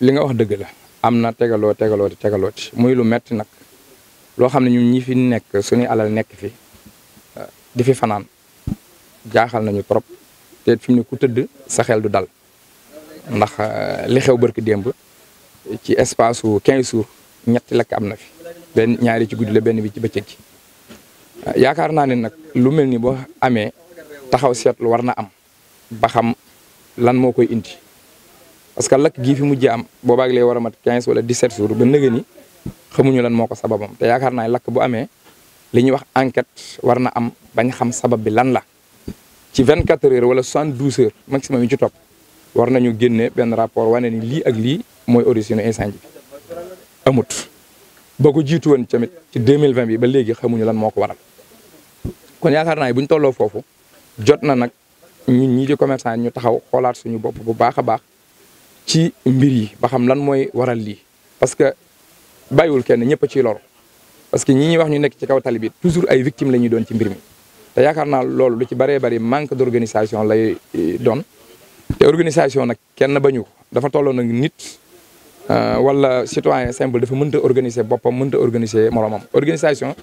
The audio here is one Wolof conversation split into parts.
li nga wax dëgg la am na tegaloo tegaloo tegaloo ci muy lu metti nag loo xam ne ñu ñi fi nekk suñu alal nekk fi ah, di fi fanaan jaaxal nañu trop te fi mu ne ku tëdd sa xel du dal ndax ah, li xew barki démb ci espace su 15 jours ñetti lakk am na fi benn ñaari ci guddi la benn bi ci bëccëg ci ah, yaakaar naa ne nag lu mel ni boo amee taxaw seetlu war na am ba xam lan moo koy indi. parce que lakk gii fi mujjee am boobaag lay war a mat 15 wala 17 jours ba nëgë ni xamuñu lan moo ko sababam te yaakaar naa lakk bu amee li ñuy wax enquête war na am bañ xam sabab bi lan la ci vingt 24 heures wala 72 heures maximum yi ci topp war ñu génne benn rapport wane ni lii ak lii mooy origine incendie bi amut. ba ko jiitu woon tamit ci 2020 bi ba léegi xamuñu lan moo ko waral kon yaakaar naa buñ tolloo foofu jot na nag ñun ñii di ñu taxaw xoolaat suñu bopp bu baax a baax. ci mbir yi ba xam lan mooy waral lii parce que bàyyiwul kenn ñëpp ci ciy parce que ñi ñuy wax ñu nekk ci kaw talibi bi toujours ay victimes la ñuy doon ci mbir mi. te yaakaar naa loolu lu ci bëree bëri manque d' organisation lay eh, doon te organisation nag kenn bañu ko dafa tolloo nag nit euh, wala citoyen simple dafa mënta organiser boppam mënta organiser moroomam organisation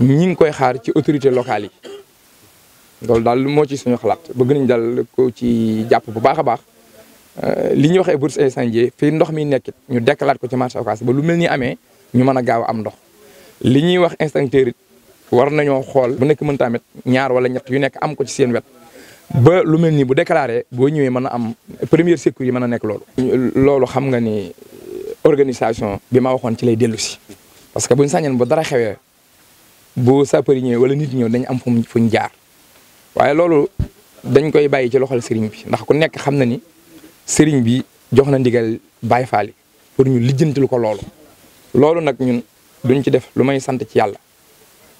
ñi ngi koy xaar ci autorité locales yi loolu daal moo ci suñu xalaat bëgg nañ daal ko ci jàpp bu baax a baax. Euh, li ñuy wax ay bourses incendiées fii ndox mi nekkit ñu dekkalaat ko ci marché Ocass ba lu mel ni amee ñu mën a gaaw am ndox li ñuy wax extincteur it war nañoo xool bu nekk mën tamit ñaar wala ñett yu nekk am ko ci seen wet ba lu mel nii bu déclaré boo ñëwee mën a am première secours yi mën a nekk loolu. loolu xam nga ni organisation bi ma waxoon ci lay dellu si parce que buñ sañoon bu dara xewee bu sapeur yi wala nit ñëw dañ am fu ñu fu ñu jaar waaye loolu dañ koy bàyyi ci loxol sëriñ bi ndax ku nekk xam na ni. sëriñ bi jox na ndigal Baay Faal pour ñu lijjantil ko loolu loolu nag ñun duñ ci def lu may sant ci yàlla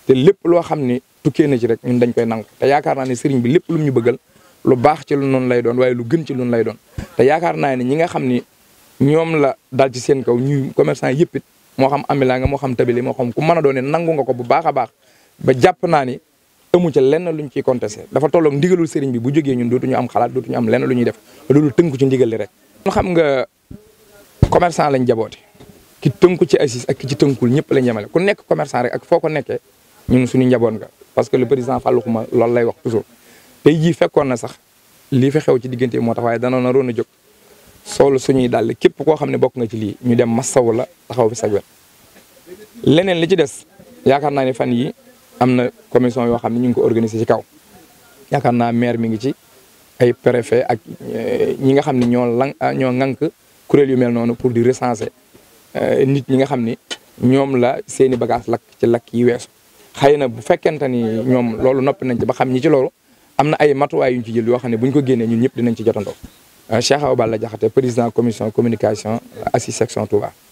te lépp loo xam ni tukkee na ci rek ñun dañ koy nangu te yaakaar naa ne sëriñ bi lépp lu ñu bëggal lu baax ci lu noonu lay doon waaye lu gën ci lu lay doon yaakaar naa ne ñi nga xam ni ñoom la dal ci seen kaw ñu commerçant yëpp it moo xam amila nga moo xam tabili moo xam ku mën a doone nangu nga ko bu baax a baax ba jàpp naa ni amu ca lenn luñ ciy contesté dafa tolloog ndigalul sëriñ bi bu jógee ñun dootuñu am xalaat ñu am lenn lu ñuy def loolu tënku ci ndigal li rek. kon xam nga commerçant lañ jaboote ki tënku ci ACIS ak ki ci tënkul ñëpp lañ yemale ku nekk commerçant rek ak foo ko nekkee ñun suñu njaboot nga parce que le président Fallou Khouma loolu lay wax toujours tey jii fekkoon na sax lii fi xew ci diggante moo tax waaye danoon na roon a jóg soolu suñuy dàll képp koo xam ne bokk nga ci lii ñu dem masawu la taxaw fi sa wet leneen li yaakaar naa ne fan yi am na commission yoo xam ne ñu ngi ko organiser ci kaw yaakaar naa maire mi ngi ci ay préfet ak eh, ñi nga xam ne ñoo lan ah, ñoo ŋànk kuréel yu mel noonu pour di recenser eh, nit ñi nga xam ni ñoom la seeni bagage lakk ci lakk yi weesu xay na bu fekkente ni ñoom loolu noppi nañ ci ba xam ñi ci loolu am na ay matuwaay yu ñu ci jël yoo xam ne buñ ko génnee ñun ñëpp dinañ ci jotandoo ah, Cheikh Awa Balla Diakhaté président commission communication assis section Touba